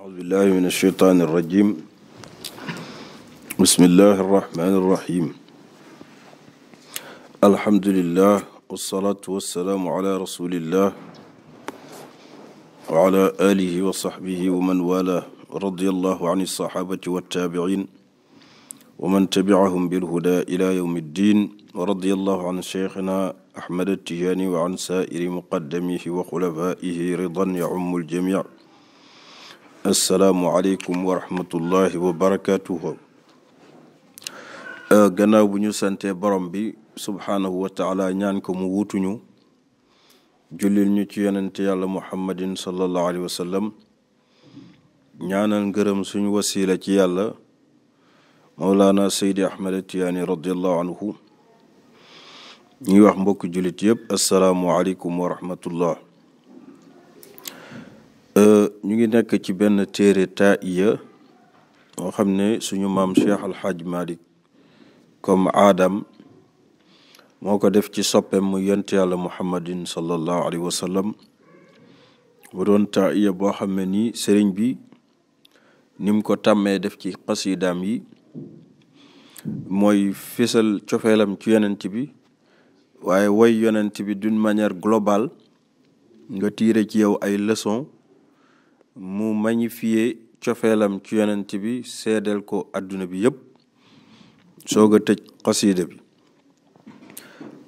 أعوذ بالله من الشيطان الرجيم بسم الله الرحمن الرحيم الحمد لله والصلاة والسلام على رسول الله وعلى آله وصحبه ومن والاه رضي الله عن الصحابة والتابعين ومن تبعهم بالهدى إلى يوم الدين ورضي الله عن شيخنا أحمد التجاني وعن سائر مقدميه وخلفائه رضا يعم الجميع asalaamualeykum wa rahmatullahi wa barakaatuhu euh, gannaaw bu ñu sante borom bi subhaanahu wa taala ñaan ko mu wuutuñu jullil ñu ci yonente yàlla muhammadin sallallahu alayhi wa sallam suñu wasiila ci yàlla mawlaana saydi ahmad tiyaani radiallahu anhu ñuy wax mbokk jullit yëpp asalaamualeykum wa rahmatullah euh, ñu ngi nekk ci benn téere taiya moo xam ne suñu maam cheikh alxaaj malik comme aadam moo ko def ci soppem mu yont yàlla muhammadin sallallahu alayhi wa sallam doon taiya boo xam ne nii sëriñ bi nim ko tàmmee def ci xasidaam yi mooy fésal cofeelam ci yonent bi waaye woy yonent bi d'une manière globale nga tiire ci yow ay leçon magnifier cofeelam ci yonent bi seedeel ko àdduna bi yëpp soog a tëj xasiida bi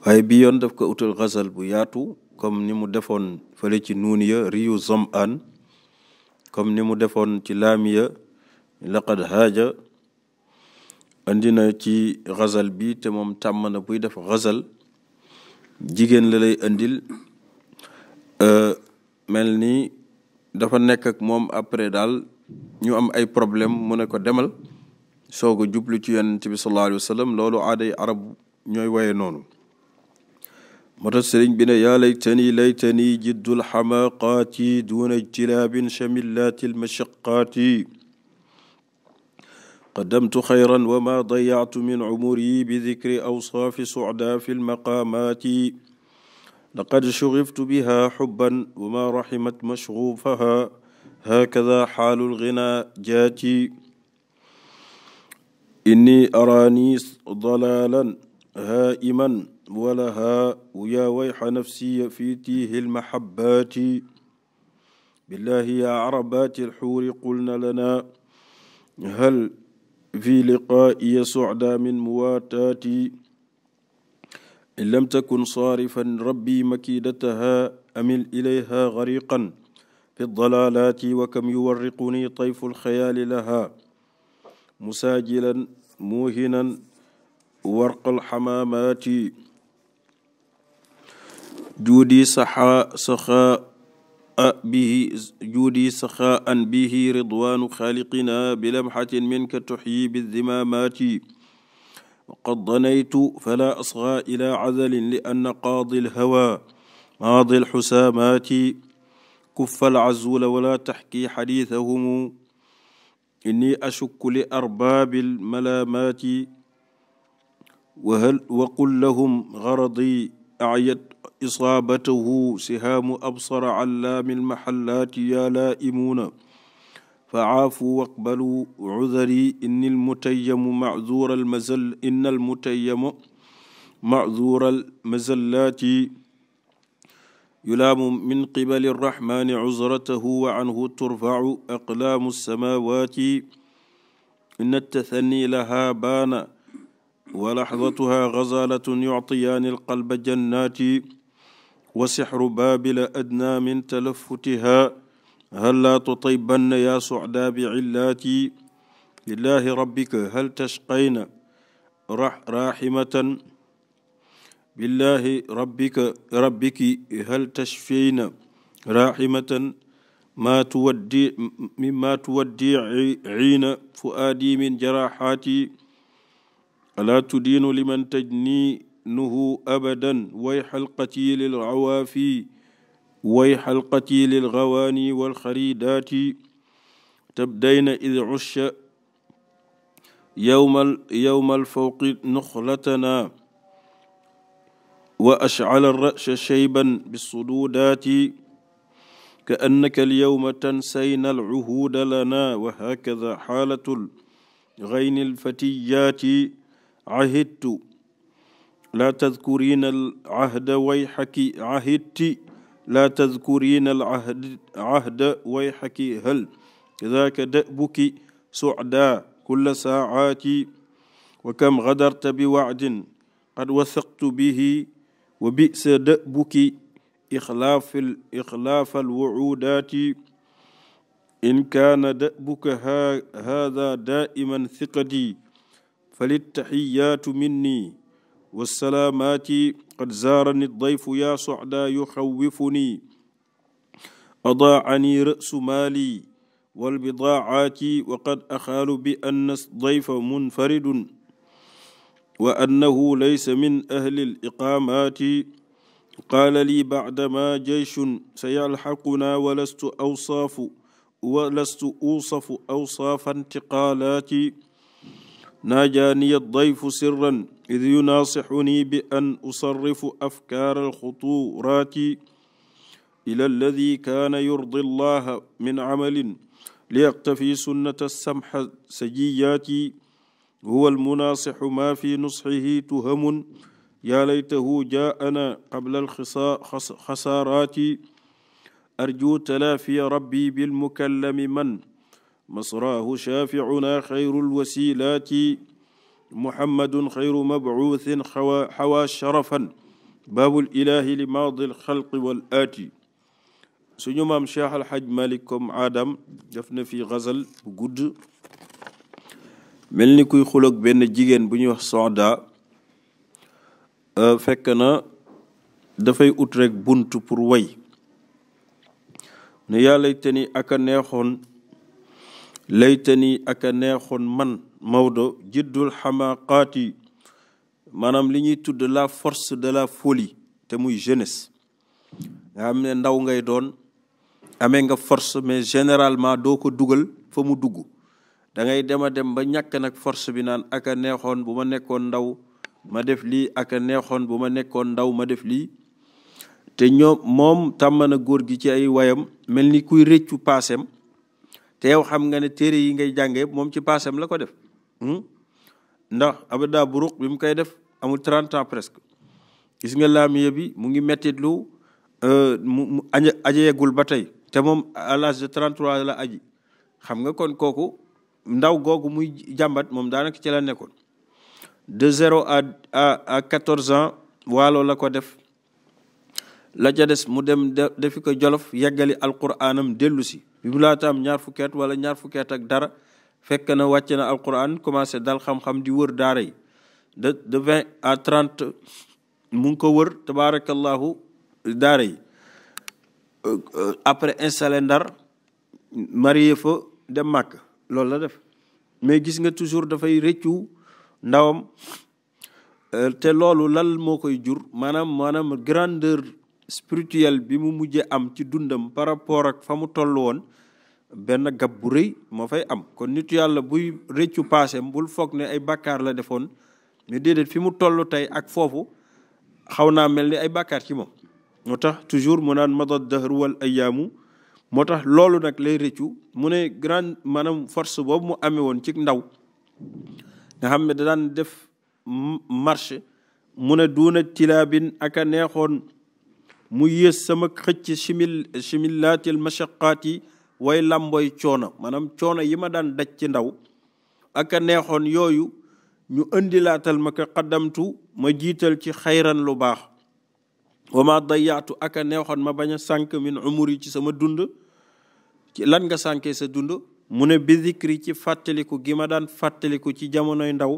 waaye bi yoon daf ko utal xasal bu yaatu comme ni mu defoon fële ci nuun ya riyu zamaan comme ni mu defoon ci laamiya laqad haaja andi ci xasal bi te moom tàmm na buy def xasal jigéen la lay euh, mel ni dafa nekk ak moom après daal ñu am ay problème mu ne ko demal soog a jublu ci yonent bi sallallahu alayhi loolu aaday arab ñooy woye noonu moo tax sëriñ bi ne yaa laytani laytani jiddul xamaqaati duuna ijtilaabin chamillaati almashaqaati qadamtu xayran wa ma min umuri bi dikri awsaafi sucdaa fi laqad shuriftu biha xubban wa ma raximat mashrufaha hakada xaalul gina jaati inni araani dalaalan haa'iman walaha yaa wayxa nafsiya fi tiihi lmahabbaati billahi yaa arabaati alxuuri qulna lana hal fi liqaa'iya sucda min muwaataati in lam takun saarifan rabbi makiidataha amil ilayha gariqan fi dalalaati wa kam yuwarriquni tayfu lxayaali laha musaajilan muuhinan warqa alxamaamaati juudi saxaa saxaa bihi juudi saxaan bihi ridwaanu xaaliqina bilamxatin minka tuxyi bizimaamaati waqad danaytu fala asga ila azalin li anna qaadi alhawa maadi alxusaamaati kuffa alazula wala taxki xadiisahumu inni ashukku li arbaabi almalaamaati wahal waqul lahum garadi ayat isaabatahu sihaamu absara allaami almaxallaati yaa laa'imuuna فعافوا واقبلوا عذري إني المتيم معذور المزل إن المتيم معذور المزلات يلام من قبل الرحمن عذرته وعنه ترفع أقلام السماوات إن التثني لها بان ولحظتها غزالة يعطيان القلب جنات وسحر بابل أدنى من تلفتها هل لا تطيبن يا سعدى بعلاتي لله ربك هل تشقين رح راحمة بالله ربك ربك هل تشفين راحمة ما تودي مما توديعين فؤادي من جراحاتي ألا تدين لمن تجنينه أبدا ويح القتيل العوافي way xalqati lilgawaani walxaridaati tabdayna id usha yowmal yowmal fawqi nuxlatana wa ashcala rasha shayban bisududaati ka annaka alyowma tansayna alcuhuuda lana wa hakada xaalatu lgayni alfatiyaati cahidtu laa tadkurina alcahda way xaki cahidti laa tadkurina al ahd ahda way xaki hël kadaaka da'buki sucdaa kulla saacaati wa kam gadarta bi wacdin qad wasaqtu bihi wa bisa da'buki ixlaafal ixlaafal wucuudaati in kaana da'buka haada daa'iman thiqati falittaxiyaatu minni wassalaamaati qad zaarani dayfu yaa socdaa yuxawwifuni adaacani ra'su maali walbidaacaati wa qad axaalu bi anna dayfa munfaridun wa annahu laysa min ahli liqaamaati qaala lii bacdamaa jeyshun sayalxaqunaa walastu awsaafu walastu uusafu awsaafa intiqaalaati ناجاني الضيف سرا إذ يناصحني بأن أصرف أفكار الخطورات إلى الذي كان يرضي الله من عمل ليقتفي سنة السمح سجيات هو المناصح ما في نصحه تهم يا ليته جاءنا قبل الخسارات أرجو تلافي ربي بالمكلم من masraahu shaafi'unaa xayrul wasiilaati muhammadun xayru mabcuuthin xawa xawaa sharafan baabul ilaahi li maadil xalqi wal aati suñu maam Cheikh Al Hadj Malick comme Adam def na fi xasal bu gudd mel ni kuy xuloog benn jigéen bu ñuy wax Soxda fekk na dafay ut rek bunt pour way ne yàlla te ni aka neexoon laytani ak neexoon man Maodo jiddul xamaqaati maanaam li ñuy tudd la force de la foli te muy jeunesse nga xam ne ndaw ngay doon amee nga force mais généralement doo ko dugal fa mu dugg dangay ngay dem a dem ba ñàkk nag force bi naan ak neexoon bu ma nekkoon ndaw ma def lii ak neexoon bu ma nekkoon ndaw ma def lii te ñoom moom tàmm na góor gi ci ay wayam mel ni kuy rëccu paasem te xam nga ne téere yi ngay jàng yëpp moom ci paasam la ko def hmm? ndax abada buruq bi mu koy def amul 30 ans presque gis nga laamiya bi mu ngi mettit lu euh, mu ajeegul ba tey te moom à l'âge de 33 la aji xam nga kon kooku ndaw googu muy jàmbat moom daanaka ci la nekkoon de zéro à a à quatorze ans walo la ko def la ca des mu dem defi ko jolof yeggali alquraanam dellu si bi mu laataam ñaar fukkeet wala ñaar fukkeet ak dara fekk na wàcc na alquraan commencé dal xam-xam di wër daara yi de de vingt à trente mu ko wër tabaarakallahu daara yi euh, après installé ndar marié fa dem màkk loolu la def mais gis nga toujours dafay rëccu ndawam euh, te loolu lal moo koy jur maanaam maanaam grandeur spirituel bi mu mujjee am ci dundam par rapport ak fa mu toll woon benn gab bu rëy moo fay am kon nit yàlla buy rëccu paaseem bul foog ne ay bakaar la defoon mu déedéet fi mu toll tey ak foofu xaw naa mel ni ay bàkkaar ci moom moo tax toujours mu naan madad dahr wal ayaamu moo tax loolu nag lay rëccu mu ne grand maanaam force boobu mu amee woon ci ndaw nga xam ne da daan def marché mu ne duuna tilaabin aka neexoon mu yées sama xëcc chimil chimillaatil mashaqaat yi way làmbooy coono maanaam coono yi ma daan daj ci ndaw ak neexoon yooyu ñu indilaatal ma ko xaddamtu ma jiital ci xayran lu baax wa ma dayaatu ak neexoon ma bañ a sànk min umur yi ci sama dund ci lan nga sànkee sa dund mu ne bi ci fàttaliku gi ma daan fàttaliku ci jamonoy ndaw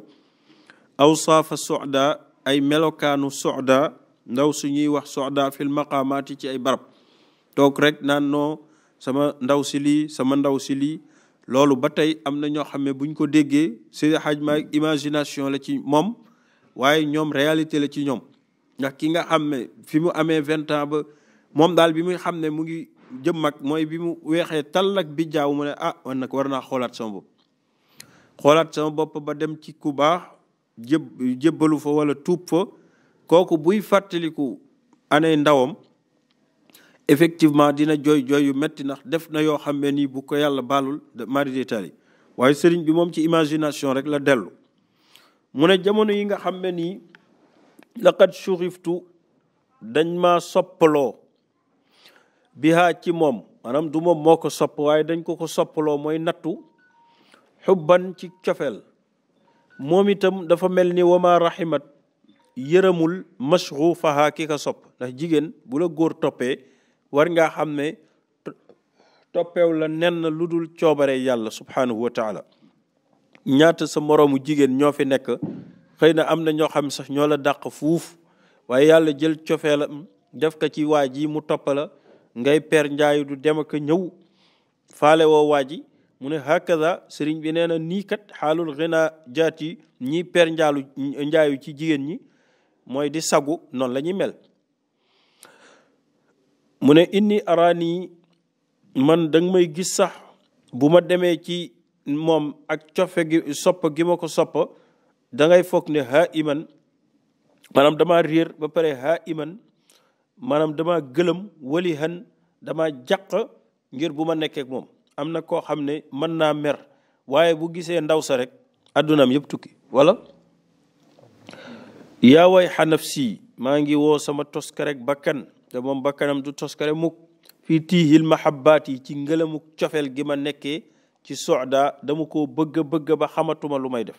aw saafa soda ay melokaanu soda ndaw suñuy wax soxda fil maqaamaati ci ay barab toog rek naan noo sama ndaw si lii sama ndaw si lii loolu ba tey am na ñoo xam ne buñ ko déggee Seydi Hadj Malick imagination la ci moom waaye ñoom réalité la ci ñoom ndax ki nga xam ne fi mu amee vingt ans ba moom daal bi muy xam ne mu ngi jëm mag mooy bi mu weexee tal ak bi jaaw mu ne ah man nag war naa xoolaat sama bopp xoolaat sama bopp ba dem ci ku baax jëb jëbalu fa wala tuub fa kooku buy fàttaliku anay ndawam effectivement dina jooy jooy yu metti ndax def na yoo xam ne nii bu ko yàlla baalul mari d'Italie waaye sëriñ bi moom ci imagination rek la dellu mu ne jamono yi nga xam ne nii laqad shuriftu dañ ma soppaloo bihaa ci moom maanaam du moom moo ko sopp waaye dañ ko ko soppaloo mooy nattu xubban ci cofeel moom itam dafa mel ni wama rahimat yërëmul mashrufaha ki ko sopp ndax jigéen bu la góor toppee war nga xam ne toppeew la nen na lu dul coobare yàlla subhanahu wa taala ñaata sa moroomu jigéen ñoo fi nekk xëy na am na ñoo xam sax ñoo la dàq fuuf waaye yàlla jël cofeelam def ko ci waa ji mu topp ngay per njaayu du dem ak ñëw faale woo waa ji mu ne hakaza sëriñ bi nee na nii kat xaalul xina jaat yi ñiy per njaayu ci jigéen ñi mooy di sagu noonu lañuy mel mu ne inni araani man danga may gis sax bu ma demee ci moom ak cofe gi sopp gi ma ko sopp da ngay foog ne ha iman maanaam dama riir ba pare ha iman maanaam dama gëlëm wali han dama jàq ngir bu ma nekkeek moom am na koo xam ne mën naa mer waaye bu gisee ndaw sa rek addunaam yëpp tukki wala yaa way xanafsi maa ngi woo sama toskarek bakkan te moom bakkanam du toskare mukk fii tiihil mahabbaat yi ci ngëlamuk cofeel gi ma nekkee ci soda dama ko bëgg bëgg ba xamatuma lu may def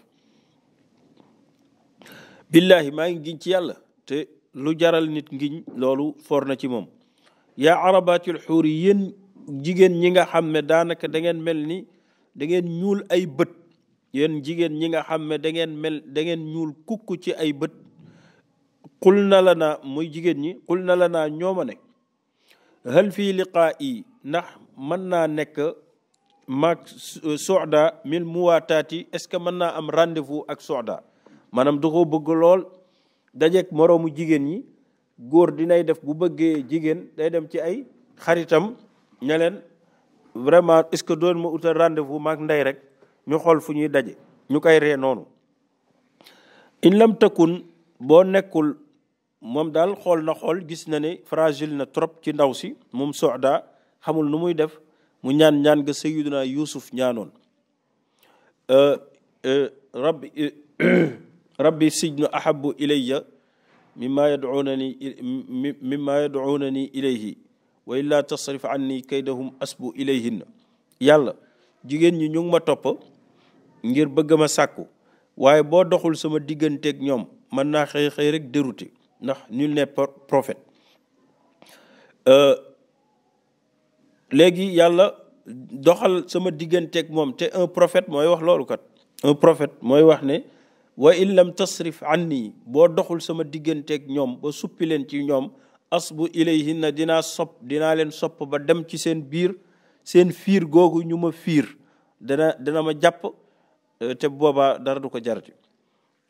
billahi maa ngi giñ ci yàlla te lu jaral nit ngiñ loolu for na ci moom yaa arabaatil xuur yéen jigéen ñi nga xam ne daanaka da mel ni dangeen ñuul ay bët yéen jigéen ñi nga xam ne da mel da ñuul kukk ci ay bët xul na naa muy jigéen ñi xul na la naa ñooma ne hal fii liqaa yi ndax mën naa nekk maag soxda min muwaataati est-ce que mën naa am rendez ak soxda maanaam da koo bëgg lool dajeeg moroomu jigéen ñi góor dinay def bu bëggee jigéen day dem ci ay xaritam ña vraiment est-ce que doon ma utal rendez-vous ndey rek ñu xool fu ñuy daje ñu koy ree noonu lam takun boo nekkul moom daal xool na xool gis na ne fragile na trop ci ndaw si moom Soxda xamul nu muy def mu ñaan ñaan nga Sayyiduna Yuusuf ñaanoon euh, euh, rabbi rabbi sijnu ahabu ilayya mimma yad'unani mimma yad'unani ilayhi wa illa tasrif anni kaydahum asbu ilayhinna yàlla jigéen ñi ñu ma topp ngir bëgg ma sàkku waaye boo doxul sama digganteeg ñoom mën naa xëy xëy rek dérouté ndax nul n'est prophète euh, léegi yàlla doxal sama digganteek moom te un prophète mooy wax loolu kat un prophète mooy wax ne wa in lam tasrif anni boo doxul sama digganteeg ñoom ba suppi leen ci ñoom asbu na dinaa sopp dinaa leen sopp ba dem ci seen biir seen fiir googu ñu ma fiir dana dana ma jàpp euh, te boobaa dara du ko jarati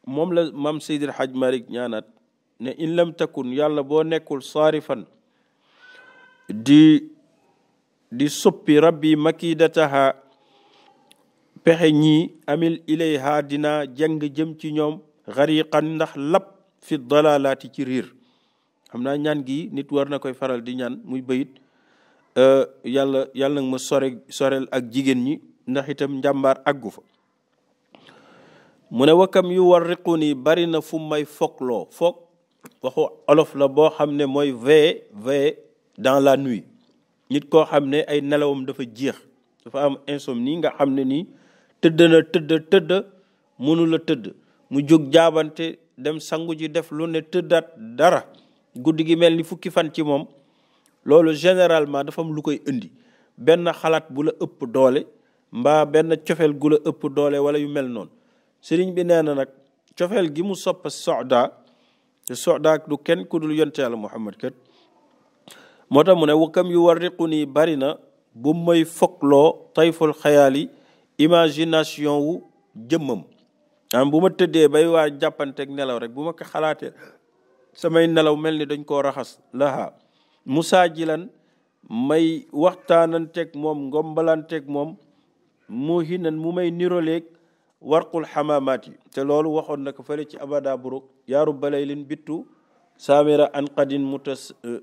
moom la mam Seydil Hadj Malick ñaanat ne in lam takun yàlla boo nekkul saarifan di di soppi rabbi makidataha pexe ñii amil ilayha dinaa jàng jëm ci ñoom xariqan ndax lap fi dalalaati ci riir xam naa ñaan gi nit war na koy faral di ñaan muy bayit euh, yàlla yàlla nag ma sorel ak jigéen ñi ndax itam njàmbaar àggu fa mu ne wakkam yu war riqu nii bari na fu may fokloo foog waxu olof la boo xam ne mooy veiller veiller dans la nuit nit koo xam ne ay nelawam dafa jeex dafa am nii nga xam ne nii tëdd na tëdd tëdd mënula tëdd mu jóg jaabante dem sangu ji def lu ne tëddaat dara guddi gi mel ni fukki fan ci moom loolu généralement dafam lu koy indi benn xalaat bu la ëpp doole mbaa benn cofeel gu la ëpp doole wala yu mel noonu sëriñ bi nee nag cofeel gi mu soppa soda te soda du kenn ku dul yonte yàlla muhammad kat moo tax mu ne wakam yu warriqu nii bari na bu may fokloo tayful xayaali imagination wu jëmmam am bu ma tëddee bay waa jàppanteeg nelaw rek bu ma ko xalaatee samay nelaw mel ni dañ koo raxas laha musaa jilan may waxtaananteeg moom ngombalanteeg moom mu hinan mu may niroleeg warqul xamaamaat te loolu waxoon na ko fële ci abada buruk yaaru balaylin bittu saamira an qadin mutas euh,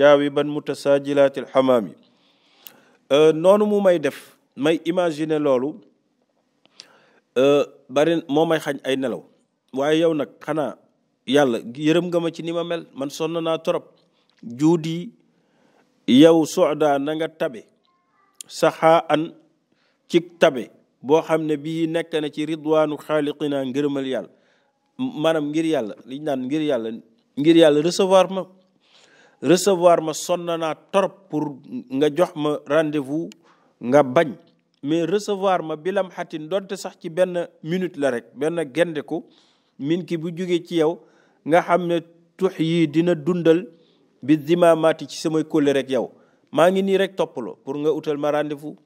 jaawiban mutasajilaatil xamaam yi euh, noonu mu may def may imagine loolu euh, bari moo may xañ ay nelaw waaye yow nag xanaa yàlla yërëm nga ma ci ni ma man sonn naa torop juudi yow soxdaa na nga tabe saxaa an cig tabe boo xam ne bii nekk na ci ridwaanu xaaliqina ngërëmal yàlla maanaam ngir yàlla liñ naan ngir yàlla ngir yàlla recevoir ma recevoir ma sonn naa torop pour nga jox ma rendez-vous nga bañ mais recevoir ma bilam xatin donte sax ci benn minute la rek benn gende ko min ki bu jógee ci yow nga xam ne tux yii dina dundal bi dimaamaati ci samay kólle rek yow maa ngi nii rek toppaloo pour nga utal ma rendez-vous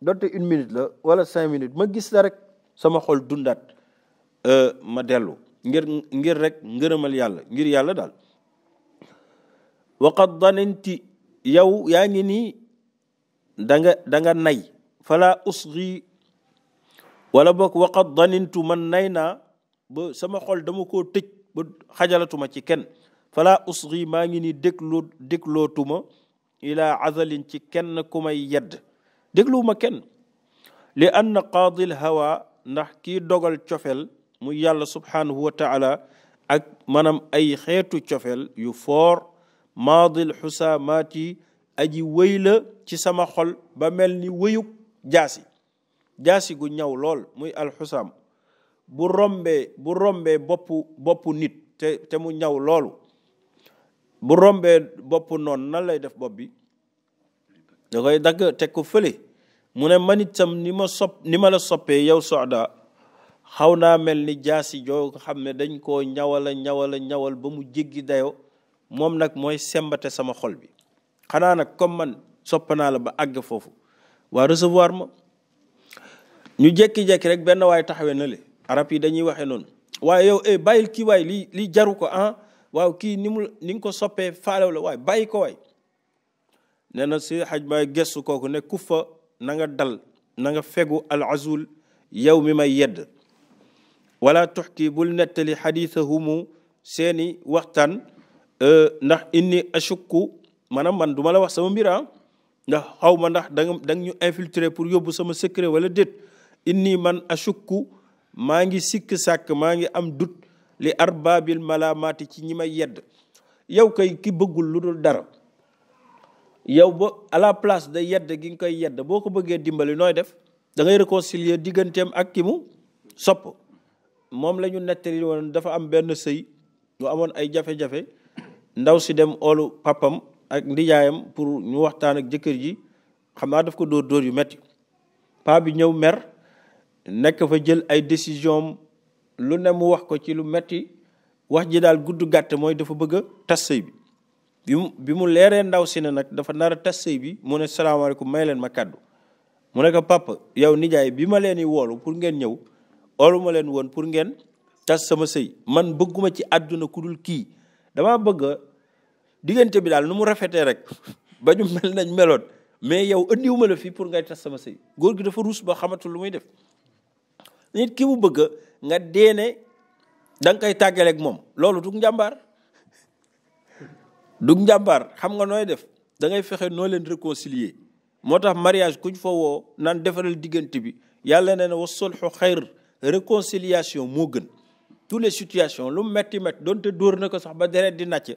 donte une minute la wala cinq minutes ma gis la rek sama xol dundaat euh, ma dellu ngir ngir rek ngërëmal yàlla ngir yàlla daal waqad dananti yow yaa ngi nii da nga da nga nay fala usri wala boog waqad danantu man nay naa ba sama xol dama koo tëj ba xajalatuma ci kenn fala usri maa ngi nii dégloo déglootuma ila asalin ci kenn ku may yedd dégluwuma kenn li anna qaadil ndax kii dogal cofel mu yàlla subhanahu wa ak maanaam ay xeetu cofel yu foor maadil xusaamaati aji wëy ci sama xol ba mel ni wëyug jaasi jaasi gu ñaw lool muy alxusaam bu rombee boppu nit te mu ñaw loolu bu rombe boppu noon nan lay def bopp bi dagg teg ko fële mu ne man itam ni ma sopp ni ma la soppee yow soxda xaw naa mel ni jaasi joo xam ne dañ koo ñawala ñawala ñawal ba mu jéggi dayo moom nag mooy sembate sama xol bi xanaa nag comme man sopp naa la ba àgg foofu waa recevoir ma ñu jékki-jékki rek benn waay taxawee na le arab yi dañuy waxe noonu waaye yow eh bàyyil kii waay li jaru ko ah waaw kii ni mu ni nga ko soppee faalew la waay bàyyi ko waay nee si xaj ma gëstu kooku ne ku nanga dal na nga fegu al azul yow mi may yedd wala tuxki bul nettali xadiisahumu seeni waxtaan euh, ndax inni ashukku maanaam man du ma la wax sama mbira ah. ndax xaw ma ndax danga danga ñu infiltrer pour yóbbu sama secret wala déet inni man ashukku maa ngi sikk sàkk maa ngi am dut li arbaabil malaamaati ci ñi may yedd yow kay ki bëggul lu dul dara yow ba à la place de yedd gi nga koy yedd boo ko bëggee dimbali nooy def da ngay réconcilier digganteem ak ki mu sopp moom la ñu nettali woon dafa am benn sëy mu amoon ay jafe-jafe ndaw si dem olu papam ak ndijaayam pour ñu waxtaan ak jëkkër ji xamaa naa daf ko dóor dóor yu metti paa bi ñëw mer nekk fa jël ay décision lu ne mu wax ko ci lu metti wax ji daal gudd gàtt mooy dafa bëgg a tas sëy bi bi mu bi mu leeree ndaw si ne nag dafa nar a tas sëy bi mu ne salaamaaleykum may leen ma kàddu mu ne ko papa yow nijaay bi ma leen di woolu pour ngeen ñëw oolu ma leen woon pour ngeen tas sama sëy man bëgguma ci àdduna ku dul kii damaa bëgg diggante bi daal nu mu rafetee rek ba ñu mel nañ meloon mais yow andiwuma la fii pour ngay tas sama sëy góor gi dafa ruus ba xamatul lu muy def nit ki mu bëgg nga deene da kay koy tàggaleeg moom loolu du njàmbaar dug njàmbaar xam nga nooy def da ngay fexe noo leen réconcilier moo tax mariage kuñ fa woo naan defaral diggante bi yàlla nee na wa solxu xayr réconciliation moo gën tous les situations lu metti metti doonte dóor na ko sax ba deret di nàcc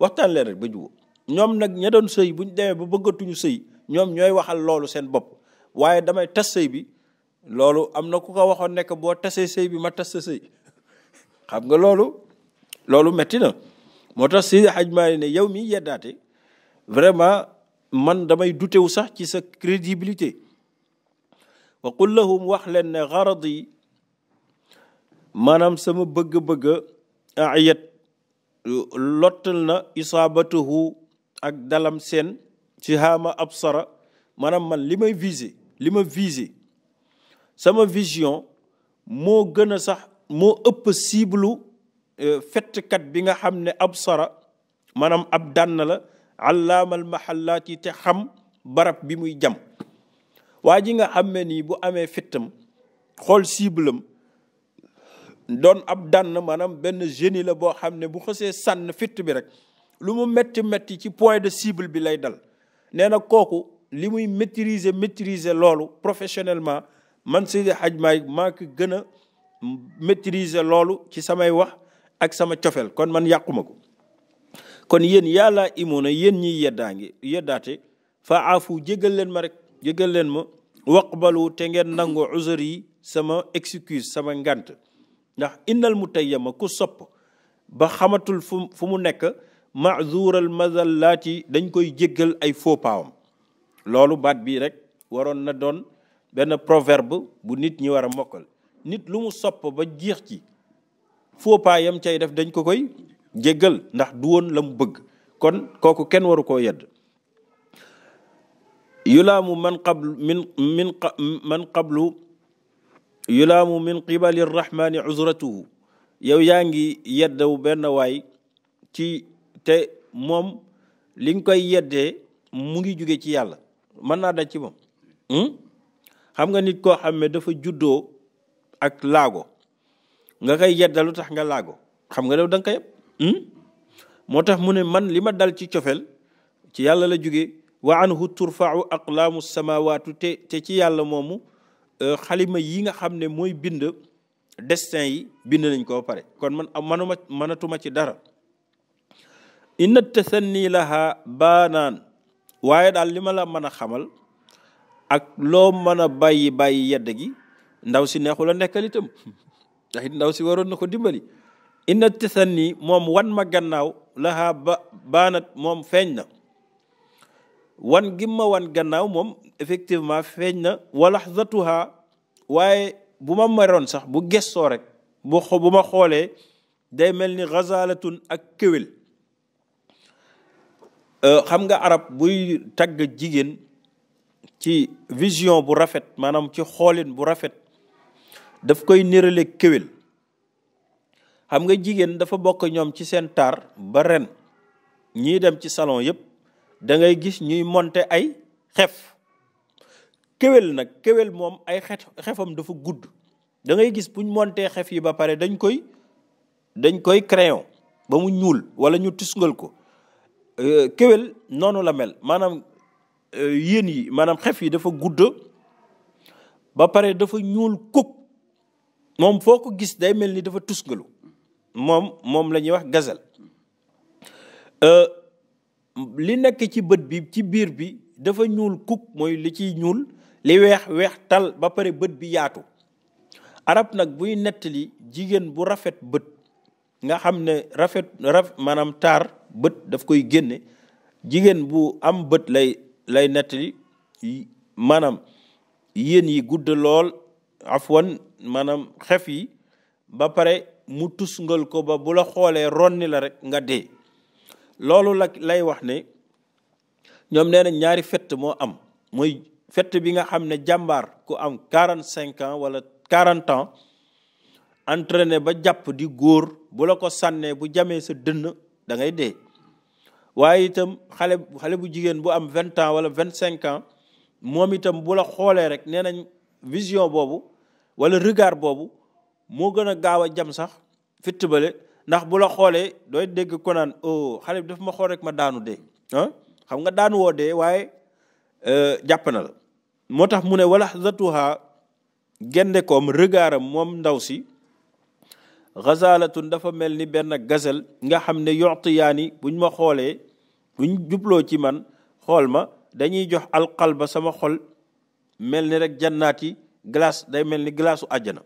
waxtaan leen rek ba jubóo ñoom nag ña doon sëy buñ demee ba bëggatuñu sëy ñoom ñooy waxal loolu seen bopp waaye damay tas sëy bi loolu am na ku ko waxoon nekk boo tasee sëy bi ma tas sa sëy xam nga loolu loolu metti na moo tax si xaj maa ne yow mi yeddaate vraiment man damay dutewu sax ci sa crédibilité wa qul wax leen ne xarad yi maanaam sama bëgg-bëgg ayat lottal na isaabatuhu ak dalam seen ci haama absara maanaam man li may visé li ma visé sama vision moo gën a sax moo ëpp cible Euh, fettkat bi nga xam ne ab sara maanaam ab dànn la allaamal mahallaat yi te xam barab bi muy jam waa ji nga xam ne nii bu amee fettam xool cible am doon ab dànn maanaam benn génie la boo xam ne bu xësee sànn fitt bi rek lu mu métti métti ci point de sible bi lay dal nee na kooku li muy maîtriser maîtriser loolu professionnellement man Seydi Hadj Malick maa ko gën a maîtriser loolu ci samay wax ak sama cofeel kon man yàquma ko kon yéen yàllaa imuna yéen ñi yeddaangi yeddaate fa afu jégal leen ma rek jégal leen ma waqbalu te ngeen nangu uzur yi sama excuse sama ngant ndax innal mu tayyama ku sopp ba xamatul fu mu nekk mazuural mazallaati dañ koy jéggal ay faux loolu baat bii rek waroon na doon benn proverbe bu nit ñi war a mokkal nit lu mu sopp ba jeex ci faux pas yam cay def dañ ko koy jéggal ndax duwoon la mu bëgg kon kooku kenn waru koo yedd yulaamu man qablu min yulaamu min qibali rahmani yow yaa ngi yeddawu benn waay ci te moom li nga koy yedde mu ngi jóge ci yàlla mën naa daj ci moom hmm? xam nga nit koo xam ne dafa juddoo ak laago nga koy yedda lu tax nga laago xam nga loolu danga nga koy hmm? moo tax mu ne man li ma dal ci cofel ci yàlla la jóge wa anhu turfau aklaamu samawaatu te ci yàlla moomu euh, xalima yi nga xam ne mooy bind destin yi bind nañ koo pare kon man manuma manatuma ci dara inna tasanni laha baanaan waaye daal li ma la mën a xamal ak loo mën a bàyyi bàyyi yedd gi ndaw si neexu la nekkal ndax ndaw si waroon na ko dimbali inna tisanni moom wan ma gannaaw lahaa ba baanat moom feeñ na wan gi wan gannaaw moom effectivement feeñ na walax zatuha waaye bu ma maroon sax bu gestoo rek bu bu ma xoolee day mel ni xazalatun ak kéwél euh, xam nga arab buy tagg jigéen ci vision bu rafet maanaam ci xoolin bu rafet dafa koy nirale kéwél xam nga jigéen dafa bokk ñoom ci seen taar ba ren ñii dem ci salon yëpp da ngay gis ñuy monte ay xef kéwél nag kéwél moom ay xef xefam dafa gudd da ngay gis buñ monte xef yi ba pare dañ koy dañ koy crayon ba mu ñuul wala ñu tusngal ko euh, kéwél noonu la mel maanaam euh, yéen yi maanaam xef yi dafa gudd ba pare dafa ñuul kuk moom foo ko gis day mel ni dafa tusngalu moom moom lañuy wax gazel euh, li nekk ci bët bi ci biir bi dafa ñuul kuk mooy li ciy ñuul li weex weex tal ba pare bët bi yaatu arab nag buy nettali jigéen bu rafet bët nga xam ne rafet raf maanaam taar bët daf koy génne jigéen bu am bët lay lay nettali maanaam yéen yi gudd lool afwan maanaam xef yi ba pare mu tusngal ko ba bu la xoolee ronni la rek nga dee loolu la lay wax ne ñoom nee na ñaari fett moo am mooy fett bi nga xam ne jàmbaar ku am quarante cinq ans wala quarante ans entraîné ba jàpp di góor bu la ko sànnee bu jamee sa dënn da ngay dee waaye itam xale xale bu jigéen bu am vingt ans wala vingt cinq ans moom itam bu la xoolee rek nee nañ vision boobu wala regard boobu moo gën a gaaw a jam sax fitt bale ndax bu la xoolee dooy dégg konaan naan oh, xale bi daf ma xool rek ma daanu dee ah, xam nga daanu woo dee waaye euh, jàpp na la moo tax mu ne wala zatuha gendekoom regardam moom ndaw si gazalatun dafa mel ni benn gazel nga xam ne yoxtiyaani buñ ma xoolee buñ jubloo ci man xool ma dañuy jox alqalba sama xol mel ni rek jannaat yi glace day mel ni glace àjjana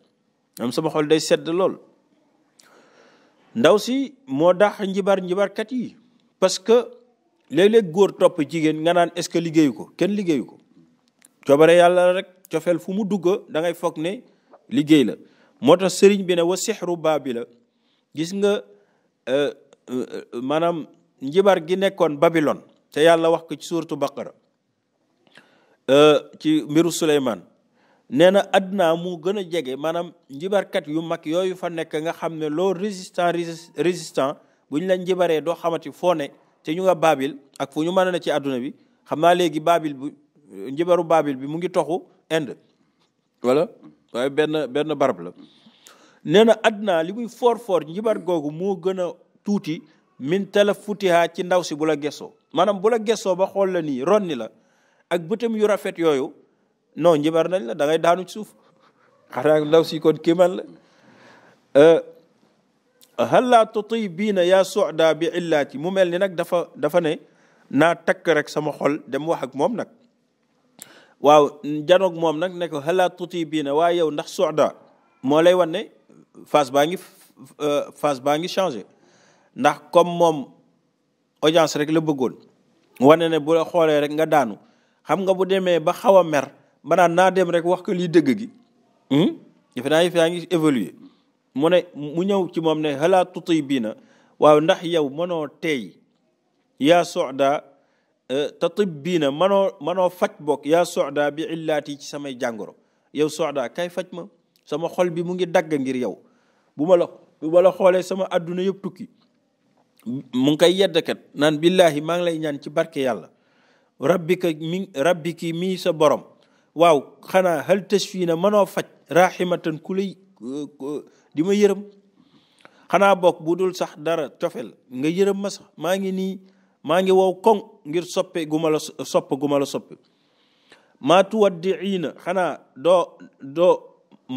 am sama xol day sedd lool ndaw si moo dax njibar njibarkat yi parce que léeg góor topp jigéen nga naan est-ce que liggéeyu ko kenn liggéeyu ko coobare yàlla rek cofeel fu mu dugg da ngay foog ne liggéey la moo tax sëriñ bi ne wa sixru baa bi la gis nga euh, euh, maanaam njibar gi nekkoon Babylone te yàlla wax ko ci suuratu baqara euh, ci mbiru Suleymaan nee na àdduna mu gën a jege maanaam njibarkat yu mag yooyu fa nekk nga xam ne loo résistant résistant bu ñu la njibaree doo xamati foo ne te ñu nga baabil ak fu ñu mën a ci àdduna bi xam naa léegi baabil bi njibaru baabil bi mu ngi toxu Inde wala waaye benn benn barab la nee na àdduna li muy foor foor njibar googu moo gën a tuuti min talafutiha ci ndaw si bu la gessoo maanaam bu la gessoo ba xool la nii ronni la ak bëtam yu rafet yooyu non njibar nañ la dangay daanu ci suuf xanaa ndaw si kon kiiman la euh, halla tuti biina yaa soda bi illaati mu mel ni nag dafa dafa ne naa takk rek sama xol dem wax ak moom nag waaw janoog moom nag nekk ko halla tuti biina waa yow ndax soda moo lay wan ne phase baa ngi euh, phase baa ngi changé ndax comme moom audience rek la bëggoon wane ne bu la xoolee rek nga daanu xam nga bu demee ba xaw a mer ma naa dem rek wax ko lii dëgg gi hmm? defe ngi évoluer mu ne mu ñëw ci moom ne xalaa tuti bii na waaw ndax yow mënoo teey yaa soda e, tatib bii na manoo manoo faj bokk yaa soda bi illaat yi ci samay jàngoro yow soda kay faj ma sama xol bi mu ngi dagg ngir yow bu ma la xoolee sama àdduna yëpp tukki mu ngi koy yeddkat naan billaahi maa ngi lay ñaan ci barke yàlla rabbika mi mii sa borom waaw xanaa hal tashfiina mënoo faj raximatan ku lay di ma yërëm xanaa bokk bu dul sax dara cofel nga yërëm ma sax maa ngi nii maa ngi wow koŋ ngir soppe gu ma la sopp gu ma xanaa doo doo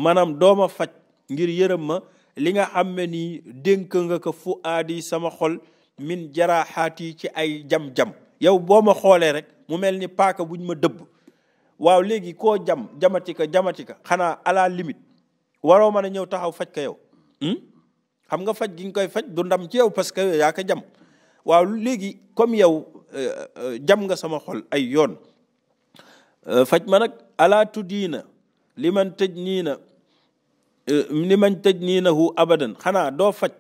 maanaam doo faj ngir yërëm ma li nga xam ne nii dénk nga ko fu aadi sama xol min jaraaxaat yi ci ay jam-jam yow boo ma xoolee rek mu mel ni paaka buñ ma dëbb waaw léegi koo jam jamati ka jamati ka xanaa à la waroo mën a ñëw taxaw faj ka yow hmm? xam nga faj gi nga koy faj du ndam ci yow parce que yaa ko jam waaw léegi comme yow euh, euh, jam nga sama xol ay yoon euh, faj ma nag alaa tuddiina li man tëj nii na li man tëj nii na abadan xanaa doo faj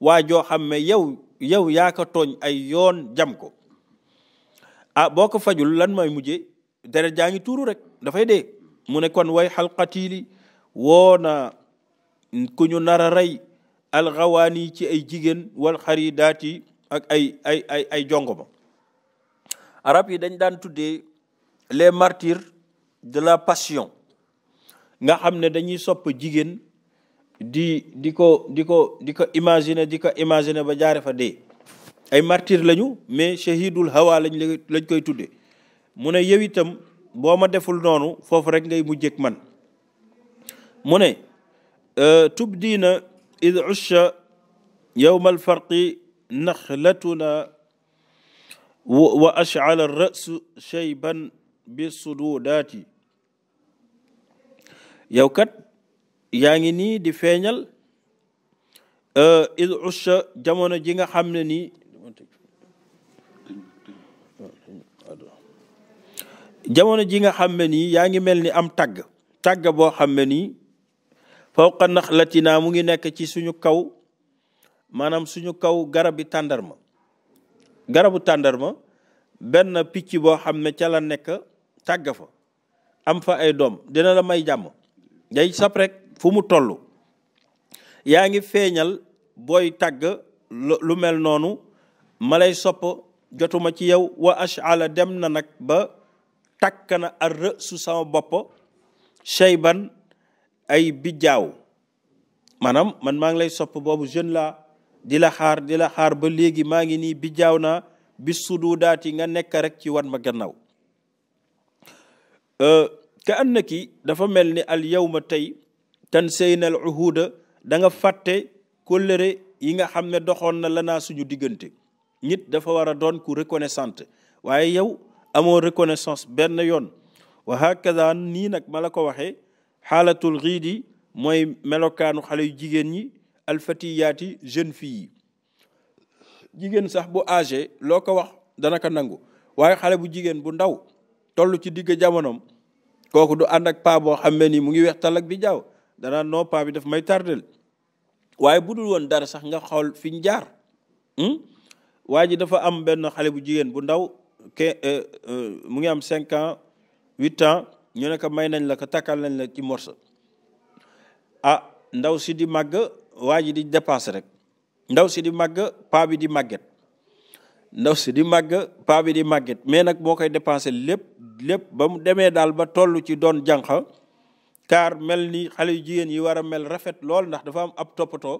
waa joo xam ne yow yow yaa ko tooñ ay yoon jam ko a ah, boo ko faju lan mooy mujjee deret jaa ngi tuuru rek dafay de mu ne kon way xalqatiili woo na ku ñu nar a rey alxawaani ci ay jigéen wal xaridaati ak ay ay ay jongoma arab yi dañ daan tuddee les martyrs de la passion nga xam ne dañuy sopp jigéen di di ko di ko di ko imaginer di ko imaginer ba jaare fa dee ay martyrs lañu mais shahidul hawa lañ lañ koy tuddee mu ne yow itam boo ma deful noonu foofu rek ngay mujjeg man mu ne euh, tubdiina id usha yowma alfarqi naxlatuna wa ashcala rasu shayban bi sududaati yow kat yaa ngi nii di feeñal euh, id usha jamono ji nga xam ne nii jamono ji nga xam ne nii yaa ngi mel ni am tàgg tàgg boo xam ne nii fawqa naxlatinaa mu ngi nekk ci suñu kaw maanaam suñu kaw garabi tàndarma garabu tàndarma benn picc boo xam ne ca la nekk tàgg fa am fa ay doom dina la may jàmm day sab rek fu mu toll yaa ngi feeñal booy tàgg lu mel noonu ma lay sopp jotuma ci yow wa ash'ala dem na nag ba takk na ar rësu sama bopp seyban ay bijjaaw maanaam man maa ngi lay sopp boobu jeune la di la xaar di la xaar ba léegi maa ngi nii bijjaaw naa bi sududaati nga nekk rek ci wan ma gannaaw ka an na ki dafa mel ni al yow ma tey tan seyna al uhuda danga nga fàtte kóllëre yi nga xam ne doxoon na lanaa suñu diggante nit dafa war a doon ku reconnaissante waaye yow amoo reconnaissance benn yoon wa hakada nii nag ma la ko waxee xaalatul riidi mooy melokaanu xale yu jigéen ñi alfatiyaati jeune fii yi jigéen sax bu age loo ko wax dana ko nangu waaye xale bu jigéen bu ndaw toll ci digg jamonoom kooku du ànd ak xam ne nii mu ngi weex tal bi jaaw danaa noo paa bi daf may tardel waaye bu dul woon dara sax nga xool fi ñu jaar hmm? waa ji dafa am benn xale bu jigéen bu ndaw ke eh, eh, mu ngi am cinq ans huit ans ñu ne ko may nañ la ko takkal nañ la ci morsa ah ndaw si di màgg waa ji di dépassé rek ndaw si di màgg paa bi di màgget ndaw si di màgg paa bi di màgget mais nag moo koy dépensé lépp lépp ba mu demee daal ba toll ci doon jànq kaar mel ni xale yu jigéen yi war a mel rafet lool ndax dafa am ab toppatoo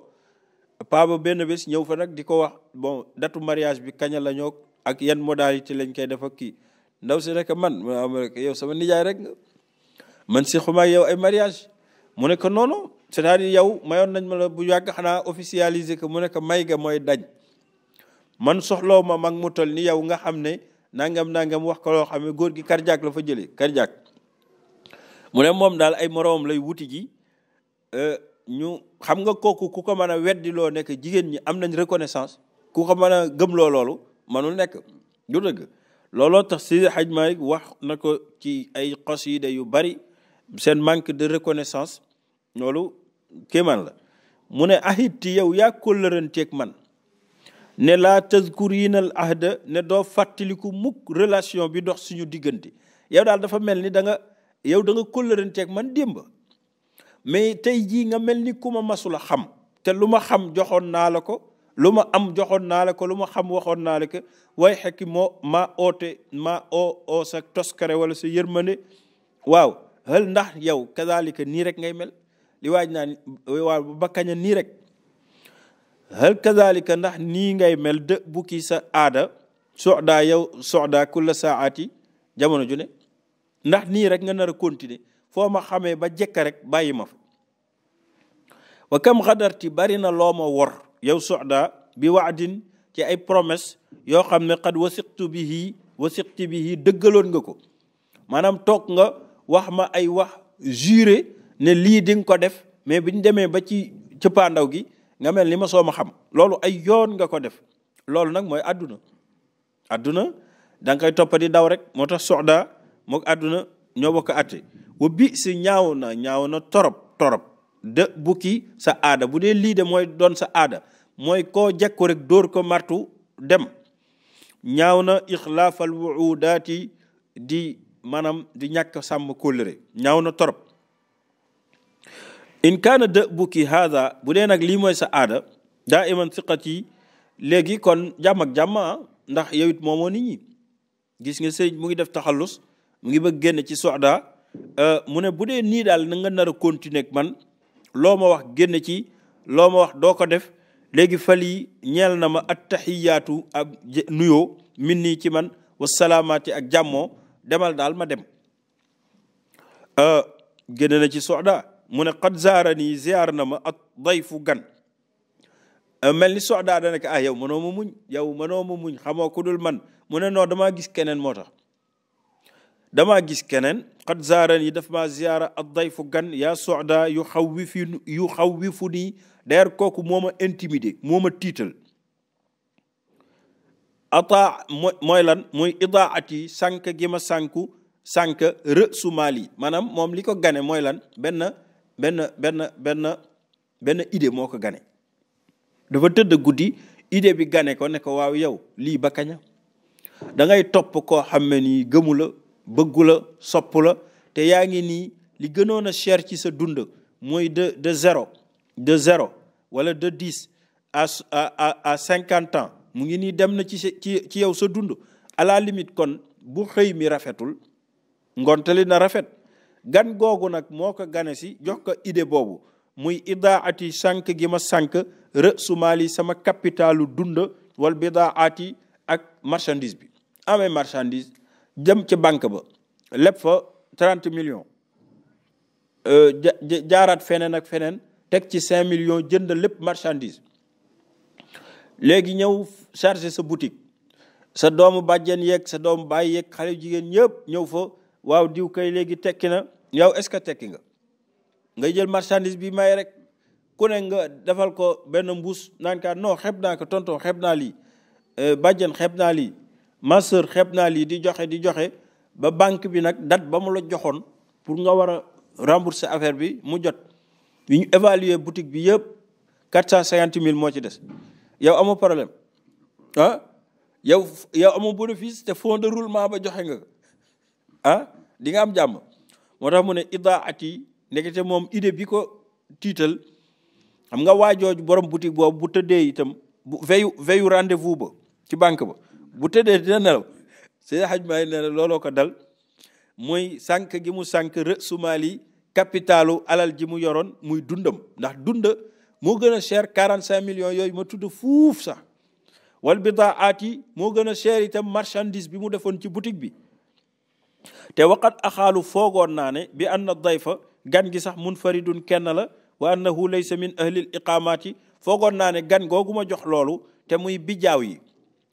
paa ba benn bés ñëw fa nag di ko wax bon datu mariage bi kañ la ñoo ak yan modalité lañ koy def ak ndaw si rek man mu am sama nijaay rek man si xuma yow ay mariage mu ne ko noonu cest à yow mayoon nañ ma la bu yàgg xanaa officialiser mu ne ko may ga mooy daj man soxloo ma mag mu toll ni yow nga xam ne nangam nangam wax ko loo xam ne góor gi cardiaque la fa jëlee cardiaque mu ne moom daal ay moroom lay wuti ji euh, ñu xam nga kooku ku ko mën a weddi loo nekk jigéen ñi am nañ reconnaissance ku ko mën a gëmloo loolu manul nekk du dëgg looloo tax si xaj Maalik wax na ko ci ay xasida yu bari seen manque de reconnaissance loolu kéemaan la mu ne ahidti yow yaa kóllëranteeg man ne laa tazkurina al ahda ne doo fàttaliku mukk relation bi dox suñu diggante yow daal dafa mel ni da nga yow da nga kóllëranteeg man démb mais tey jii nga mel ni ku ma masula xam te lu ma xam joxoon naa la ko lu ma am joxoon naa la ko lu ma xam waxoon naa la ko way xekki moo maa oote maa oo oo toskare wala sa yërmande waaw xël ndax yow kazalika nii rek ngay mel li waaj ba kañ nii rek kazalika ndax nii ngay mel dë bukki sa aada soxdaa yow soxdaa kulla saati jamono ju ne ndax nii rek nga nar a continuer foo ma xamee ba jekka rek bàyyi ma fa wa kam xadarti bari na loo ma wor yow soxda bi waadin ci ay promesse yoo xam ne xat wasiqtu bihi wasiqti bihi dëggaloon nga ko maanaam toog nga wax ma ay wax jure ne lii di ko def mais bi ñu demee ba ci cëppaandaw gi nga mel ni ma soo ma xam loolu ay yoon nga ko def loolu nag mooy àdduna àdduna da nga koy toppa di daw rek moo tax soxda mook àdduna ñoo bokk atte wa bi si ñaaw na ñaaw na torop torop de bukki sa aada bu dee lii de mooy doon sa aada mooy koo jekku rek dóor ko martu dem ñaaw na ixlaafal wuudaati di maanaam di ñàkk sàmm kóllëre ñaaw na torop in kaana de bukki haada bu dee nag lii mooy sa aada daa iman siqat yi léegi kon jàmm ak ah, ndax yow it moomoo nit ñi gis nga sëñ mu ngi def taxallus mu ngi bëgg génn ci soxda euh, mu ne bu dee nii daal na nara nar ak man loo ma wax génn ci loo ma wax doo ko def léegi fal yi ñeel na ma attaxiyaatu ak nuyoo min nii ci man wasalaamaati ak jàmmoo demal daal ma dem euh, génn na ci soda mu ne xad zaara nii ziar na ma ak day fu gan euh, mel ni soxdaa dana ko ah yow mënoo ma muñ yow mënoo ma muñ xamoo ku dul man mu ne non damaa gis keneen moo tax damaa gis keneen qad zaarani daf ma ziyaara ad dayfu gan yaa soda yu xawwifi yu xawwifu nii deer kooku moo ma intimidé moo ma tiital ata mooy lan muy idaat ati sànk gi ma sànku sànk rë su maali maanaam moom li ko gane mooy lan benn benn benn benn benn idée moo ko gane dafa tëdd guddi idée bi gane ko ne waaw yow lii ba kaña da topp koo xam ne nii gëmu bëggula la sopp la te yaa ngi nii li gënoon a cher ci sa dund mooy de de zéro de zéro wala de dix à à à cinquante ans mu ngi nii dem na ci ci ci yow sa dund à la kon bu xëy mi rafetul ngontali na rafet gan googu nag moo ko gane si jox ko idée boobu muy ati sànq gi ma sànq rë sumaali sama capitalu dund wal bidaati ak marchandise bi amee marchandise jëm ci banque ba lépp fa trente millions euh, jaaraat feneen ak feneen teg ci cinq million jënd lépp marchandise léegi ñëw chargé sa boutique sa doomu bàjjen yeeg sa doomu baay yeeg xale jigéen ñëpp ñëw fa waaw diw kay léegi tekki na yow est-ce que tekki nga ngay jël marchandise bi may rek ku ne nga defal ko benn mbuus naan kaa non xeeb naa ko tonton xeeb li lii euh, bàjjen xeeb naa ma sœur naa lii di joxe di joxe ba banque bi nag date ba mu la joxoon pour nga war a rembourser affaire bi mu jot bi ñu évaluer boutique bi yëpp quatre cent cinquante mille moo ci des yow amoo problème ah yow yow amoo bénéfice te fond de roulement ba joxe nga ah di nga am jàmm moo tax mu ne idaat yi nekkete moom idée bi ko tiital xam nga waajooj borom boutique boobu bu tëddee itam bu veyu veyu rendez-vous ba ci banque ba bu tëddee dina nelaw Seydi Hajj Maalik nee na looloo ko dal mooy sànq gi mu sànq rë Somalie capitalu alal ji mu yoroon muy dundam ndax dund moo gën a cher cinq million yooyu ma tudd fuuf sax wal bidaat yi moo gën a cher itam marchandise bi mu defoon ci boutique bi te waqat axaalu foogoon naa ne bi anna dayfa gan gi sax munfaridun kenn la wa annahu laysa min ahlil iqaamaati foogoon naa ne gan googu jox loolu te muy bijaaw yi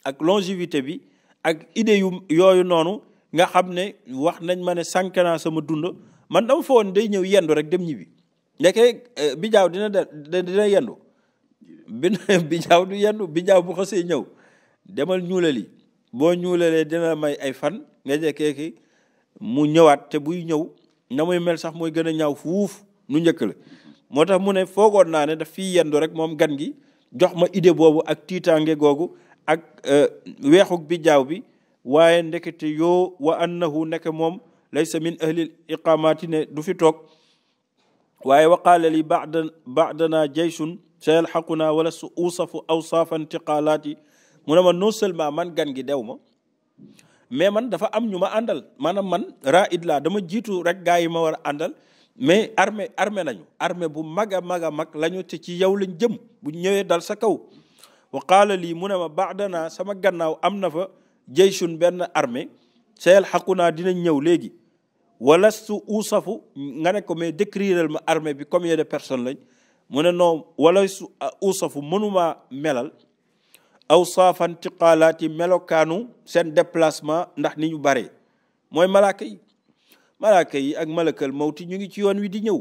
ak longévité bi ak idée yu yooyu noonu nga xam ne wax nañ ma ne sànq sama dund man dama fa day ñëw yendu rek dem ñibbi ndeke euh, bijaaw dina de dina yendu bi bijaaw du yendu bijaaw bu xasee ñëw demal ñuulali boo ñuulalee dina may ay fan nga jekkee ki mu ñëwaat te buy ñëw na muy mel sax mooy gën a ñaaw fuuf nu njëkk la moo tax mu ne foogoon naa ne daf fiy yendu rek moom gan gi jox ma idée boobu ak tiitaange googu ak euh, weexuk bi jaaw bi waaye ndekete yoo wa annahu nekk moom laysa min ahlil iqamati ne du fi toog waaye wa qaala li bada badana jaysun sa yalxaquna wala su usafu awsaafa intiqalaati mu ne ma non seulement man gan gi dew ma mais man dafa am ñu ma àndal maanaam man raid idla dama jiitu rek gaa yi ma war a àndal mais armée armée nañu armée bu mag a mag a mag lañu te ci yow lañ jëm bu ñëwee dal sa kaw wa lii mu ne ma dana sama gannaaw am na fa jayshun benn armée sayal xaqu naa dinañ ñëw léegi wala su uusafu nga ne ko mais décriral ma armée bi combien de personnes lañ mu ne non wala su uusafu mënuma melal aw saafan tiqaalaati melokaanu seen déplacement ndax ni ñu bare mooy malaaka yi yi ak malakal mawti ñu ngi ci yoon wi di ñëw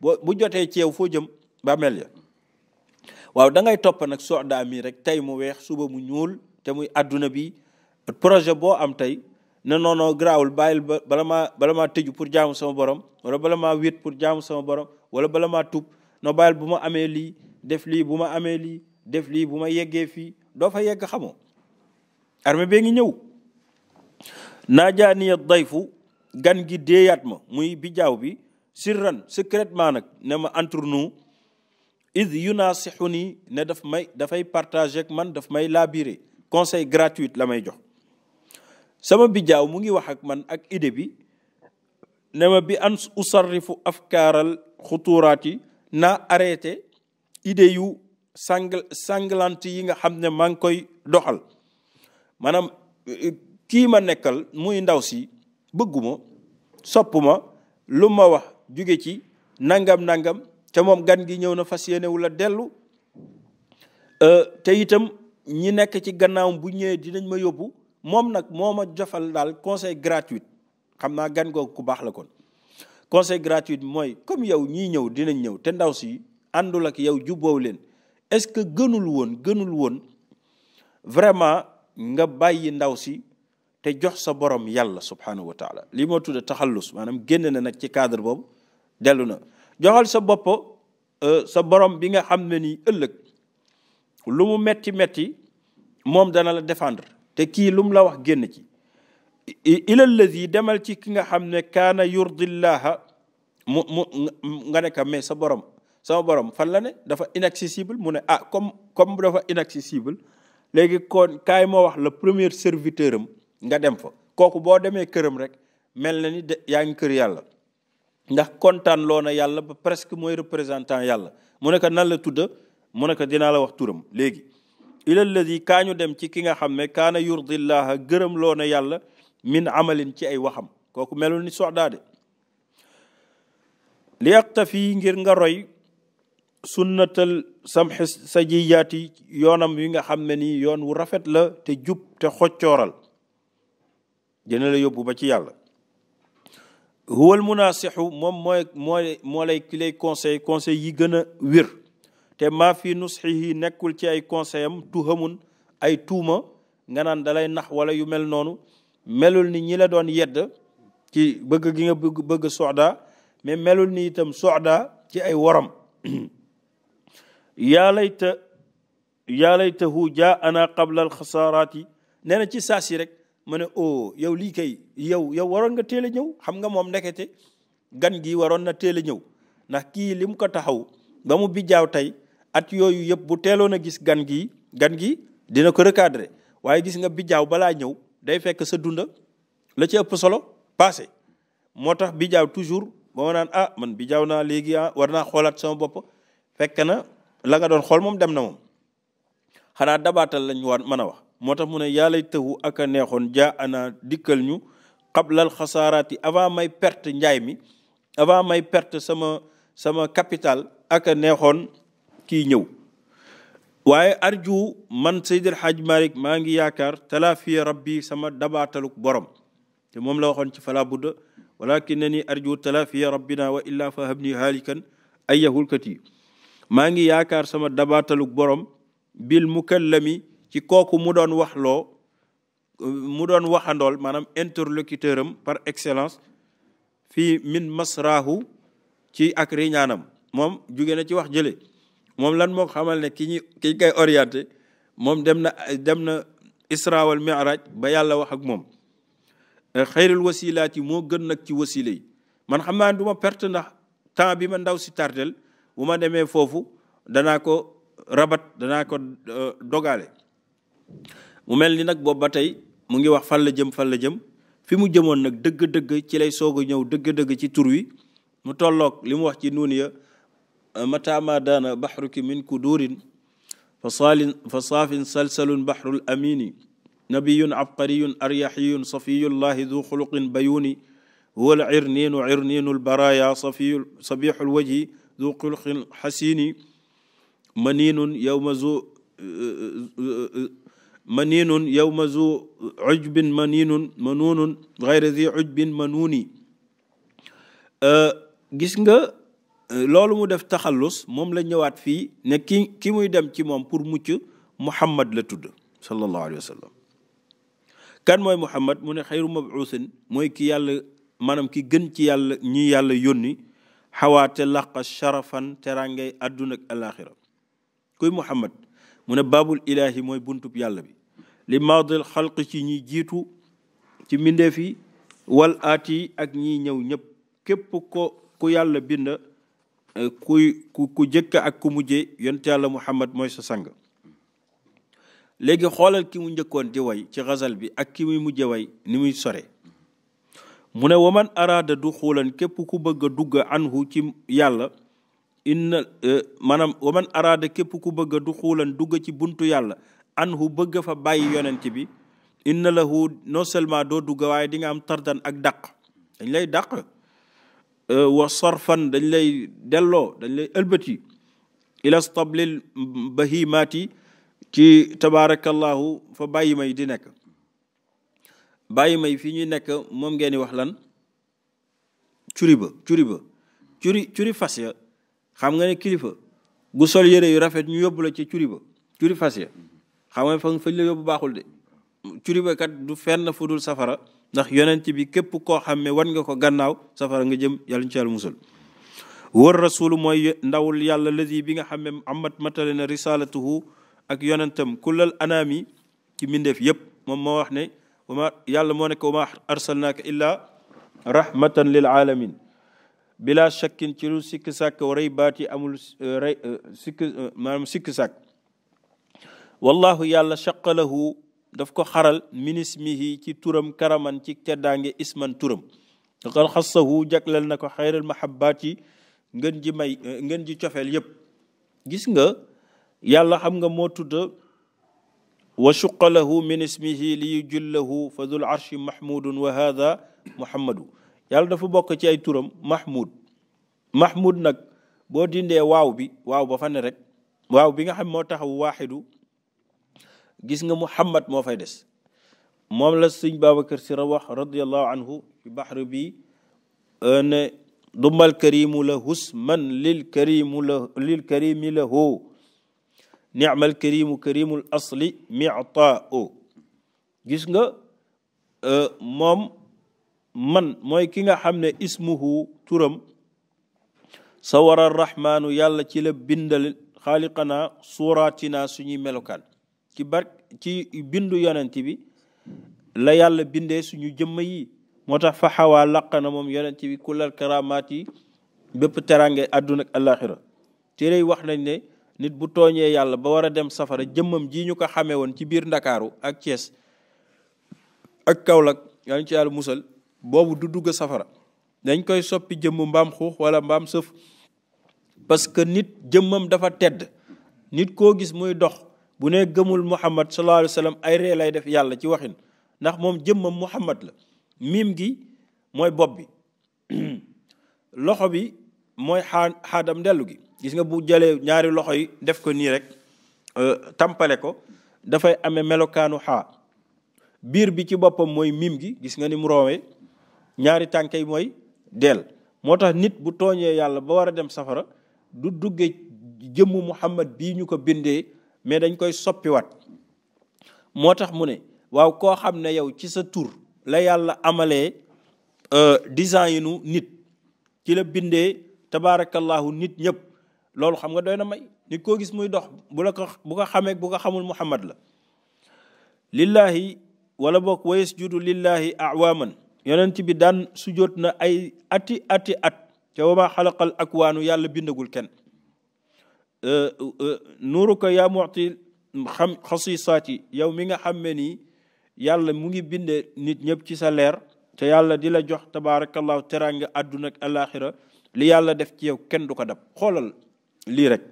boo bu jotee ceew foo jëm ba mel ya waaw da ngay topp nag soxdaa mi rek tey mu weex suba mu ñuul te muy adduna bi projet boo am tey ne noonoo grawul bàyyil ba bala maa bala maa tëju pour jaamu sama borom wala bala maa pour jaamu sama borom wala bala maa tub no bàyyil bu ma amee lii def lii bu ma amee lii def lii bu ma yeggee fii doo fa yegg xamoo armée bee ngi ñëw naajaaniya fu gan gi déeyaat ma muy bi jaaw bi sirran secrètement nag ne ma entre nous id yunaasixu nii ne daf may dafay partager ak man daf may labiré conseil gratuit la may jox sama bijaaw mu ngi wax ak man ak idée bi ne ma bi an usarrifu afkaaral xuturaat yi naa arrêté idée yu sangl yi nga xam ne maa ngi koy doxal maanaam eh, kii ma nekkal muy ndaw si bëgguma soppuma ma lu ma wax jóge ci nangam nangam te moom gan gi ñëw na fas yéene la dellu euh, te itam ñi nekk ci gannaawam bu ñëwee dinañ ma yóbbu moom nag moom ma jofal daal conseil gratuit xam naa gan googu ku baax la koon conseil gratuit mooy comme yow ñii ñëw dinañ ñëw te ndaw si àndul ak yow jubboow leen est-ce que gënul woon gënul woon vraiment nga bàyyi ndaw si te jox sa borom yàlla subhanahu wa taala lii moo tudde taxallus maanaam génn na nag ci cadre boobu dellu na joxal sa bopp euh, sa borom bi nga xam ne nii ëllëg lu mu metti metti moom dana la defendre te kii lum la wax génn ci ilal lazi demal ci ki nga xam ne kaana yurdillaaha mu mu nga ne ko mais sa borom sama borom fan la ne dafa inaccessible mu ne ah comme comme dafa inaccessible léegi kon kaay moo wax la première serviteur am nga dem fa kooku boo demee këram rek mel na ni yaa ngi kër yàlla ndax kontaan loo na yàlla ba presque mooy représentant yàlla mu ne ko nan la tudda mu ne ko dinaa la wax turam léegi ila alladi kaa ñu dem ci ki nga xam ne kaana yurdillaaha gërëm loo na yàlla min amalin ci ay waxam kooku melul ni soxdaade li yaqtafi ngir nga roy sunnatal samxi sa jiyaati yoonam yi nga xam ne ni yoon wu rafet la te jub te xoccooral dina la yóbbu ba ci yàlla huwal munasixu moom mooy mooy moo lay ki conseil conseil yi gën a wér te maa fi nusxihi nekkul ci ay conseil am tuhamun ay tuuma nga naan dalay nax wala yu mel noonu melul ni ñi la doon yedd ci bëgg gi nga bëgg bëgg soxda mais melul ni itam soxda ci ay worom yaa layta yaa laytahu jaa ana qabla alxasaaraati nee na ci saa si rek ma ne oh yow lii kay yow yow waroon nga teel a ñëw xam nga moom ndekete gan gi waroon na teel a ñëw ndax kii li mu ko taxaw ba mu bijjaaw tey at yooyu yëpp bu teeloon a gis gan gi gan gi dina ko recadrer waaye gis nga bijjaaw balaa ñëw day fekk sa dunda la ci ëpp solo passé moo tax bijjaaw toujours ba ma naan ah man bijjaaw naa léegi ah war naa xoolaat sama bopp fekke na la nga doon xool moom dem na moom xanaa dabaatal lañ war mën a wax moo tax mu ne yaa laytahu ak neexoon jaa ana dikkal ñu xablal xasaaraati avant may perte njaay mi avant may perte sama sama capital ak a neexoon kii ñëw waaye arju man Seydil Hadj Malick maa ngi yaakaar talaafiya rabbi sama dabaataluk borom te moom la waxoon ci fala budda walakin na ni arju talaafiya rabbina wa illaa fa habni haalikan ay yahulkat maa ngi yaakaar sama dabaataluk borom bil mukallami ci kooku mu doon wax loo mu doon waxandool maanaam interlocuteur am par excellence fii min masrahu ci ak riñaanam moom jóge na ci wax jële moom lan moo xamal ne ki ñu ki koy orienté moom dem na dem na isra wal ba yàlla wax ak moom eh, xayrul wasilaat yi moo gën nag ci wasila yi man xam naa du ma perte ndax temps bi ma ndaw si tardel bu ma demee foofu danaa ko rabat danaa ko eh, dogale mu mel ni nag boobu ba tey mu ngi wax fan jëm fan la jëm fi mu jëmoon nag dëgg-dëgg ci lay soog a ñëw dëgg-dëgg ci turwi mu tolloog li mu wax ci nuun ya mataama daana baxruki min kudurin fa saalin fa saafin salsalun baxrul amini nabiyun abqariyun aryaxiyun du xuluqin bayuni huwa al irniinu irniinu lbaraya safiyu sabixu lwajhi du xuluqin xasini maniinun yowma zu maniinun yawma zu ujbin maniinun manuunun gayra zi manuni manuuni euh, gis nga euh, loolu mu def taxallus moom la ñëwaat fii ne ki ki muy dem ci moom pour mucc muhammad la tudd sallallahu alayhi wa kan mooy muhammad mu ne xayru mabuusin mooy ki yàlla maanaam ki gën ci yàlla ñi yàlla yónni xawaate laqa sharafan terangay àdduna ak alaxira kuy muhammad mu ne babul ilaahi mooy buntub yàlla bi li maadil xalq ci ñi jiitu ci mbindeef yi wal aati ak ñiy ñëw ñëpp képp ku yàlla bind eh, kuy ku ku jëkk ak ku mujje yont yàlla muhammad mooy sa sang léegi xoolal ki mu njëkkoon di way ci xasal bi ak ki muy mujje way ni muy sore mu ne waman araada du xuulan képp ku bëgg a dugg anhu ci yàlla inna eh, maanaam waman araada képp ku bëgg a du xuulan dugg ci buntu yàlla anhu bëgg fa bàyyi yonent bi inna lahu non seulement doo dugg waaye di nga am tardan ak dàq dañ lay dàq euh, wa sorfan dañ lay delloo dañ lay ëlbati ila stablil bahimaati ci tabaarakallahu fa bàyyi may di nekk bàyyi may fii ñuy nekk moom ngeen di wax lan curiba curiba curi curi curi fas ya xam nga ne kilifa gu sol yére yu rafet ñu yóbbu la ci curiba ba curi fas ya xam nga fa fañ la yóbbu baaxul de curibakat du fenn fu dul safara ndax yonent bi képp koo xam ne wan nga ko gannaaw safara nga jëm yàlla ñu ci yàlla musal mooy ndawul yàlla ladi bi nga xam ne amat matale na risalatuhu ak yonentam kullal anaami ci mbindeef yépp moom moo wax ne yàlla moo nekk wama arsalnaaka illa rahmatan lil alamin bila shakkin ci lu sikk sàkk waray baati amul sikk maanaam sikk wallahu yàlla shaqalahu daf ko xaral minismihi ci turam karaman ci teddaange isman turam xal xassahu jagleel na ko xayral mahabbaat yi ji may eh, ngën ji cofeel yépp gis nga yàlla xam nga moo tudd wa shuqalahu min ismihi li yujillahu fa dul arshi mahmudun wa hada muhammadu yàlla dafa bokk ci ay turam mahmud mahmud nag boo dindee waaw bi waaw ba fa rek waaw bi nga xam moo taxaw waaxidu gis nga mu muhammad moo fay des moom la sëñ Babacar Si wax radiallahu anhu ci baxru bi euh, ne dumal karimu la hus man lil karimu la lil karimi la karimu karimul asli miata gis nga euh, moom man mooy ki nga xam ne ismuhu turam sawara rahmaanu yàlla ci la bindal xaaliqanaa suuratinaa suñuy melokaan ci bindu yonent bi la yàlla bindee suñu jëmm yi moo tax fa xawaa làq na moom yonent bi kulal karamaat yi bépp teraange àdduna ak alaxira téere yi wax nañ ne nit bu tooñee yàlla ba war a dem safara jëmmam ji ñu ko xamee woon ci biir ndakaaru ak Thiès ak Kaolack yaa ngi ci yàlla musal boobu du dugg safara dañ koy soppi jëmm mbaam xuux wala mbaam sëf parce que nit jëmmam dafa tedd nit koo gis muy dox bu ne gëmul muhammad sallallahu alayhi ay ree lay def yàlla ci waxin ndax moom jëmmam muhammad la miim gi mooy bopp bi loxo bi mooy xaa xaadam dellu gi gis nga bu jalee ñaari loxo yi def ko nii rek euh, tampale ko dafay ame melokaanu xaa biir bi ci boppam mooy miim gi gis nga ni mu ñaari tànk yi mooy dell moo tax nit bu tooñee yàlla ba war a dem safara du dugge jëmmu muhammad bii ñu ko bindee mais dañ koy soppiwaat moo tax mu ne waaw koo xam ne yow ci sa tur la yàlla amale euh, design yi nu nit ci la bindee tabaarakallahu nit ñëpp loolu xam nga doy na may nit koo gis muy dox bu la ko bu ko xamee bu ko xamul muhammad la lillahi wala boog wa yasjudu lillahi awaman yonent bi daan sujjóot na ay ati ati at te wa ma akwaanu yàlla bindagul kenn nuuruka yaa muti xam xasisaati yow mi nga xam ne nii yàlla mu ngi binde nit ñëpp ci sa leer te yàlla di la jox tabarakallahu teraanga àdduna ak alaxira li yàlla def ci yow kenn du ko dab xoolal lii rek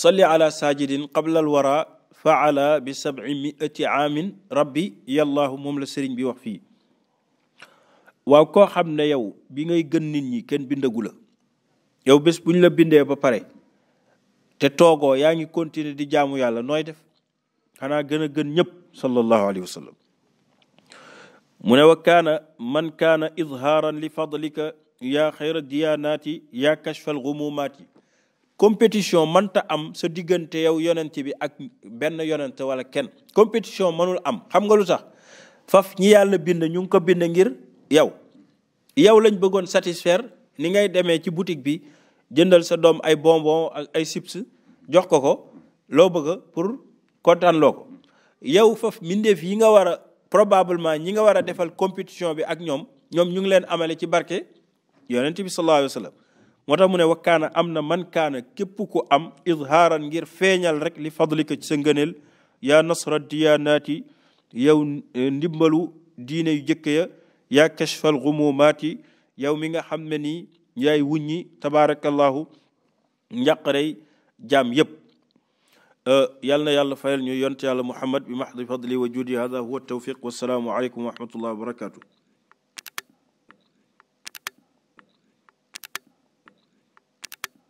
salli ala sajidin qabla al faala bi sab'i miati aamin rabbi yallaahu moom la sëriñ bi wax fii waaw koo xam ne yow bi ngay gën nit ñi kenn bindagula la yow bés bu la bindee ba pare te toogoo yaa ngi continuer di jaamu yàlla nooy def xanaa gën a gën ñëpp sallallahu alayhi wa mu ne wa kaana man kaana izhaaran li fadlika yaa xayra diyaanaati yaa kashfal gumumaati compétition mënta am sa diggante yow yonent bi ak benn yonent wala kenn compétition mënul am xam nga lu sax faf ñi yàlla bind ñu ko bind ngir yow yow lañ bëggoon satisfaire ni ngay demee ci boutique bi jëndal sa doom ay bonbon ak ay chips jox ko ko loo bëgg pour kontaan loo ko yow foofu mbindeef yi nga war a probablement ñi nga war a defal compétition bi ak ñoom ñoom ñu ngi leen amale ci barke yonent bi sallallahu alayhi wa sallam moo tax mu ne wakkaana am na man kaana képp ku am izhaaran ngir feeñal rek li fadlika ci sa ngëneel yaa nasra diyaanaati yow e, ndimbalu diine yu jëkk ya yaa kashfal gumumaati yow mi nga xam ne nii yaay wuññi tabaarakallahu njàqarey jaam yëpp euh, yal na yàlla fayal ñu yonte yàlla muhammad bi mahdi fadli wa juudi hada huwa tawfiq wassalaamu aleykum wa rahmatullah wa barakatu